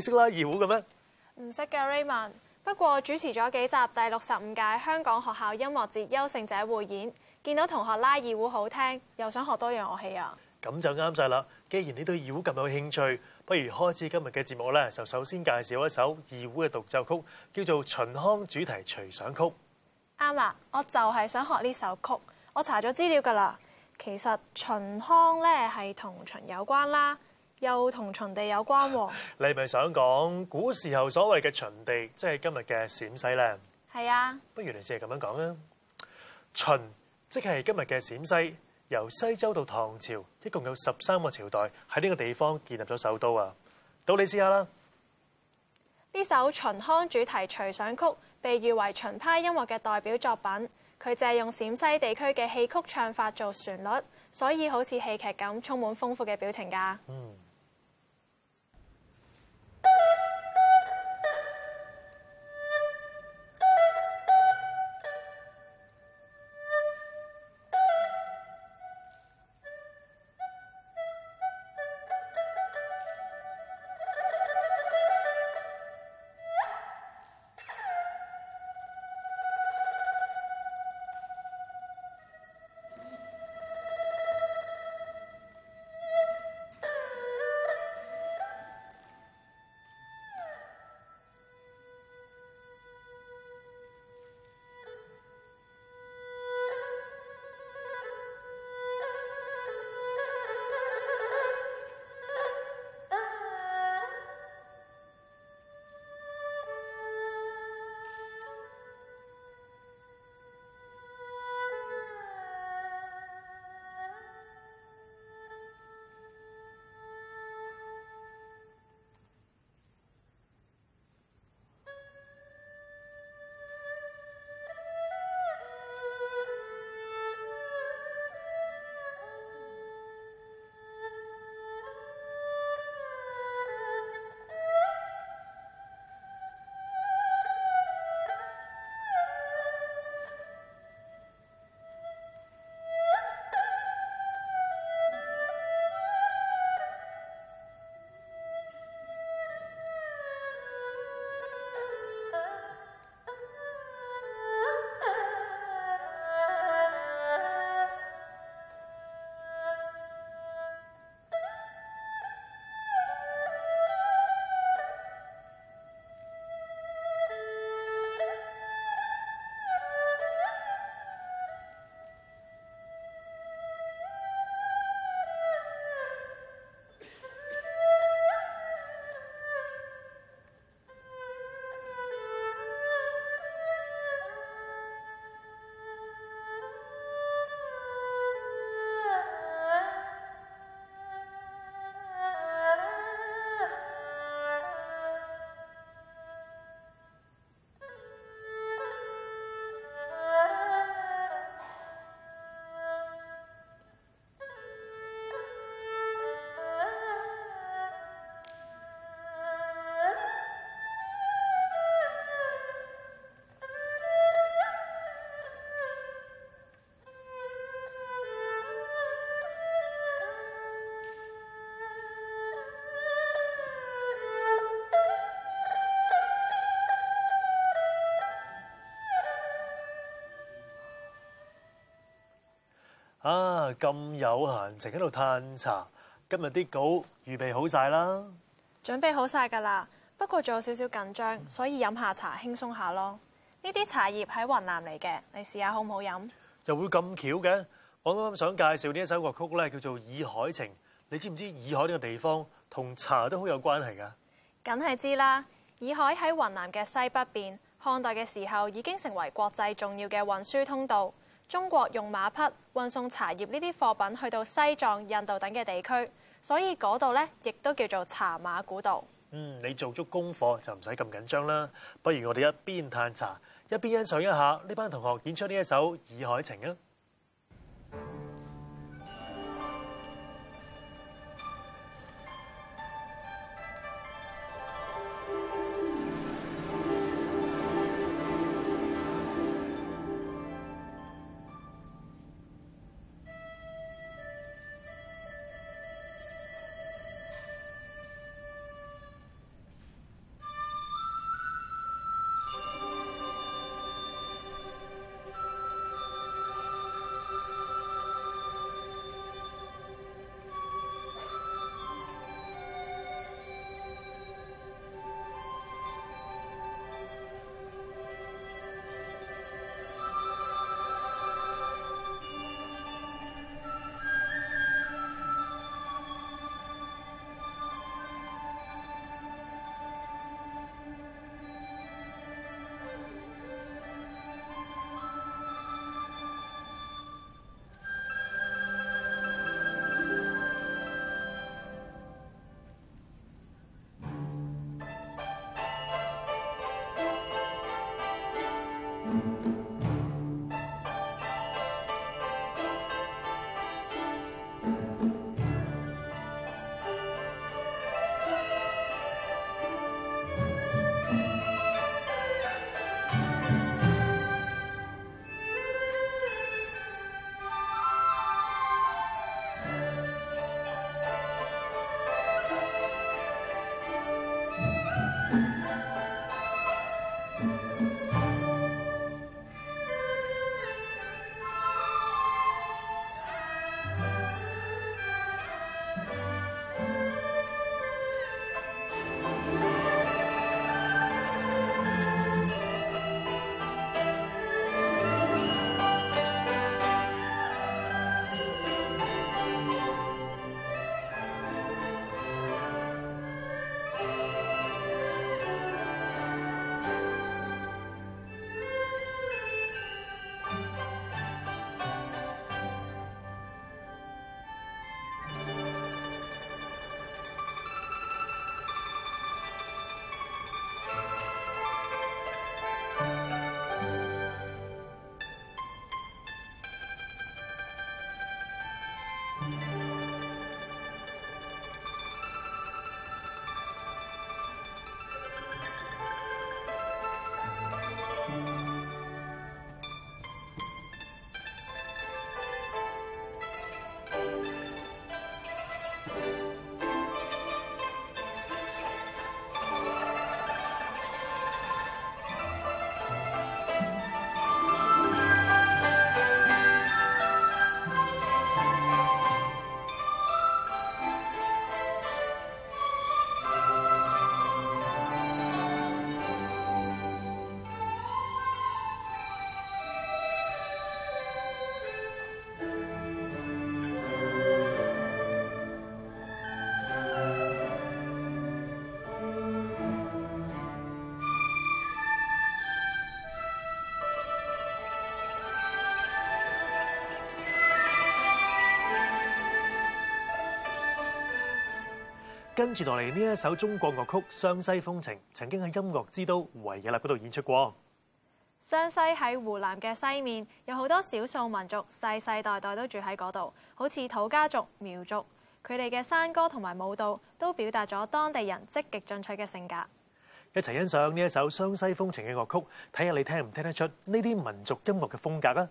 識啦，懂拉二胡嘅咩？唔識嘅 Raymond。Raymond，不過主持咗幾集第六十五屆香港學校音樂節優勝者匯演，見到同學拉二胡好聽，又想學多樣樂器啊！咁就啱晒啦。既然你對二胡咁有興趣，不如開始今日嘅節目咧，就首先介紹一首二胡嘅獨奏曲，叫做《秦腔主題隨想曲》。啱啦，我就係想學呢首曲。我查咗資料噶啦。其實秦腔咧係同秦有關啦。又同秦地有關喎？你咪想講古時候所謂嘅秦地，即係今日嘅陝西啦。係啊，不如你先係咁樣講啊。秦即係今日嘅陝西，由西周到唐朝，一共有十三個朝代喺呢個地方建立咗首都啊。到你試下啦。呢首《秦腔》主題隨想曲被譽為秦派音樂嘅代表作品，佢借用陝西地區嘅戲曲唱法做旋律，所以好似戲劇咁，充滿豐富嘅表情噶。嗯。啊！咁有閒情喺度嘆茶，今日啲稿預備好晒啦，準備好晒噶啦。不過仲有少少緊張，所以飲下茶輕鬆下咯。呢啲茶葉喺雲南嚟嘅，你試下好唔好飲？又會咁巧嘅？我啱啱想介紹呢一首樂曲咧，叫做洱海情。你知唔知洱海呢個地方同茶都好有關係噶？梗係知啦。洱海喺雲南嘅西北邊，漢代嘅時候已經成為國際重要嘅運輸通道。中國用馬匹運送茶葉呢啲貨品去到西藏、印度等嘅地區，所以嗰度咧亦都叫做茶馬古道。嗯，你做足功課就唔使咁緊張啦。不如我哋一邊歎茶，一邊欣賞一下呢班同學演出呢一首《洱海情》啊。跟住落嚟呢一首中國樂曲《湘西風情》，曾經喺音樂之都維也納嗰度演出過。湘西喺湖南嘅西面，有好多少數民族，世世代代都住喺嗰度，好似土家族、苗族。佢哋嘅山歌同埋舞蹈都表達咗當地人積極進取嘅性格。一齊欣賞呢一首湘西風情嘅樂曲，睇下你聽唔聽得出呢啲民族音樂嘅風格啊！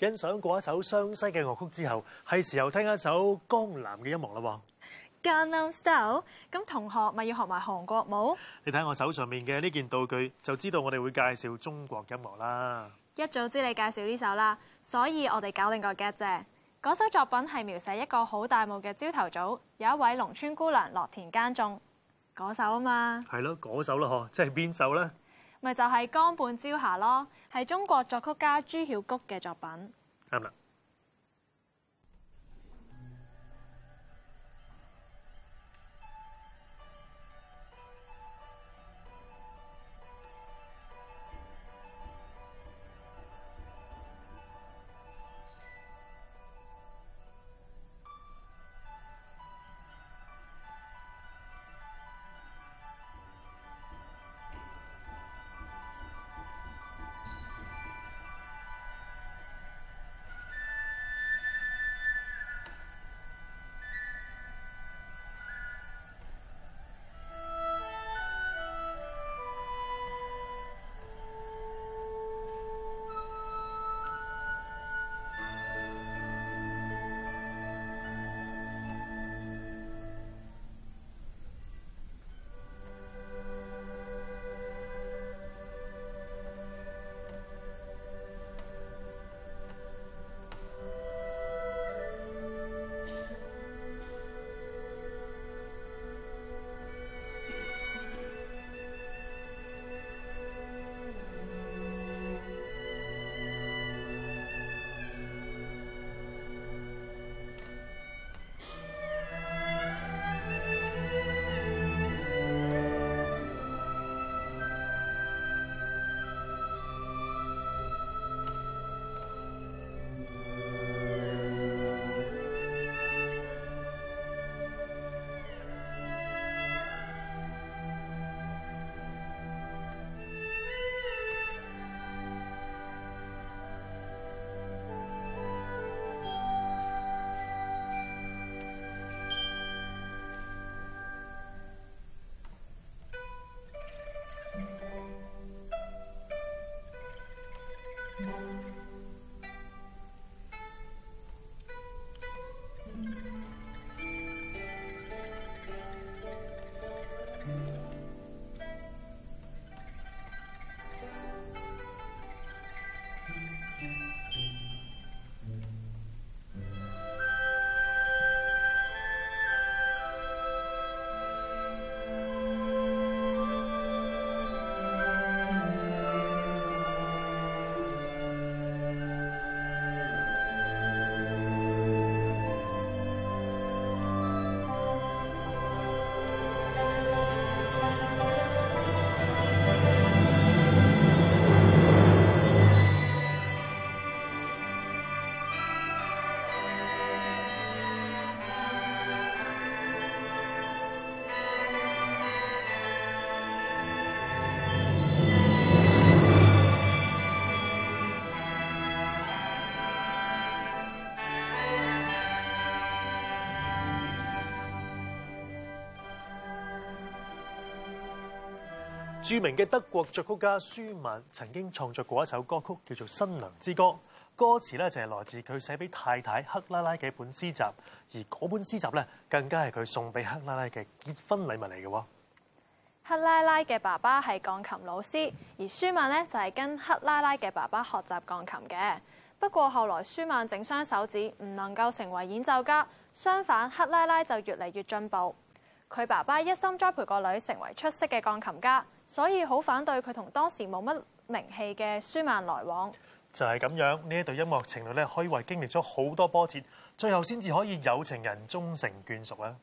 欣賞過一首湘西嘅樂曲之後，係時候聽一首江南嘅音樂啦。江南 style，咁同學咪要學埋韓國舞？你睇我手上面嘅呢件道具，就知道我哋會介紹中國音樂啦。一早知你介紹呢首啦，所以我哋搞定個夾子。嗰首作品係描寫一個好大霧嘅朝頭早，有一位農村姑娘落田耕種嗰首啊嘛。係咯，嗰首咯嗬，即係邊首咧？咪就係江畔朝霞咯，係中國作曲家朱曉谷嘅作品。啱著名嘅德國作曲家舒曼曾經創作過一首歌曲，叫做《新娘之歌》。歌詞咧就係來自佢寫俾太太克拉拉嘅一本詩集，而嗰本詩集咧更加係佢送俾克拉拉嘅結婚禮物嚟嘅。克拉拉嘅爸爸係鋼琴老師，而舒曼呢就係跟克拉拉嘅爸爸學習鋼琴嘅。不過後來舒曼整傷手指，唔能夠成為演奏家，相反克拉拉就越嚟越進步。佢爸爸一心栽培個女成為出色嘅鋼琴家。所以好反對佢同當時冇乜名氣嘅舒曼來往就，就係咁樣，呢一對音樂情侶咧，可以話經歷咗好多波折，最後先至可以有情人終成眷屬啦。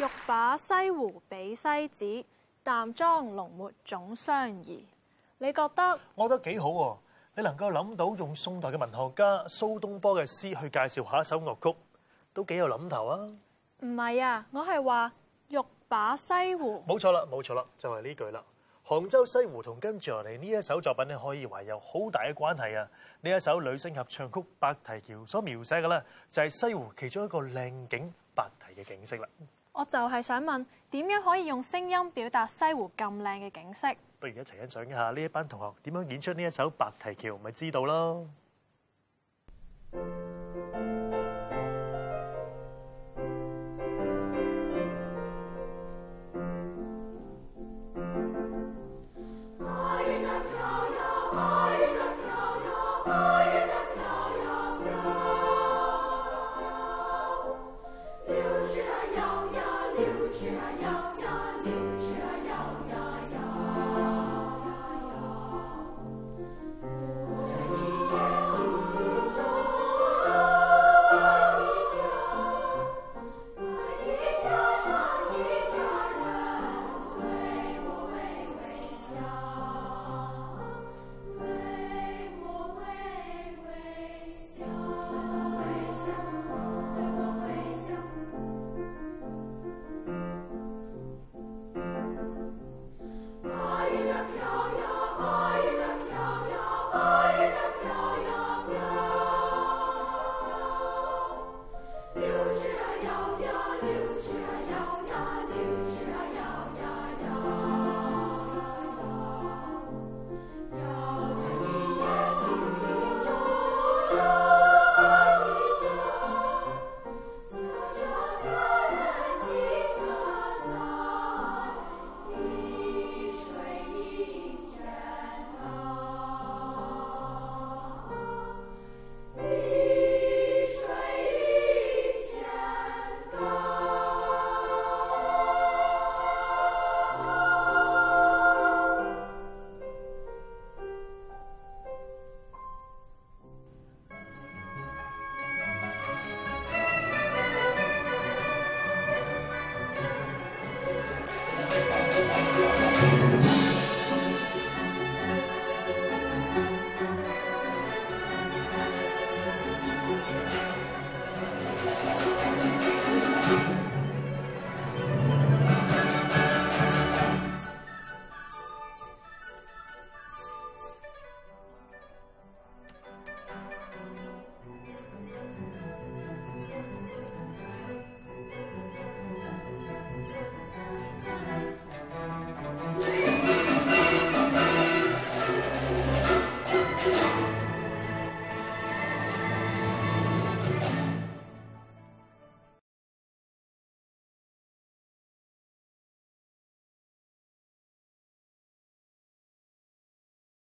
欲把西湖比西子，淡妝濃抹總相宜。你覺得？我覺得幾好喎，你能夠諗到用宋代嘅文學家蘇東坡嘅詩去介紹下一首樂曲，都幾有諗頭啊！唔係啊，我係話欲把西湖，冇錯啦，冇錯啦，就係呢句啦。杭州西湖同跟住嚟呢一首作品咧，可以話有好大嘅關係啊。呢一首女聲合唱曲《白堤橋》所描寫嘅咧，就係西湖其中一個靚景——白堤嘅景色啦。我就係想問，點樣可以用聲音表達西湖咁靚嘅景色？不如一齊欣賞一下呢一班同學點樣演出呢一首《白堤橋》，咪知道咯。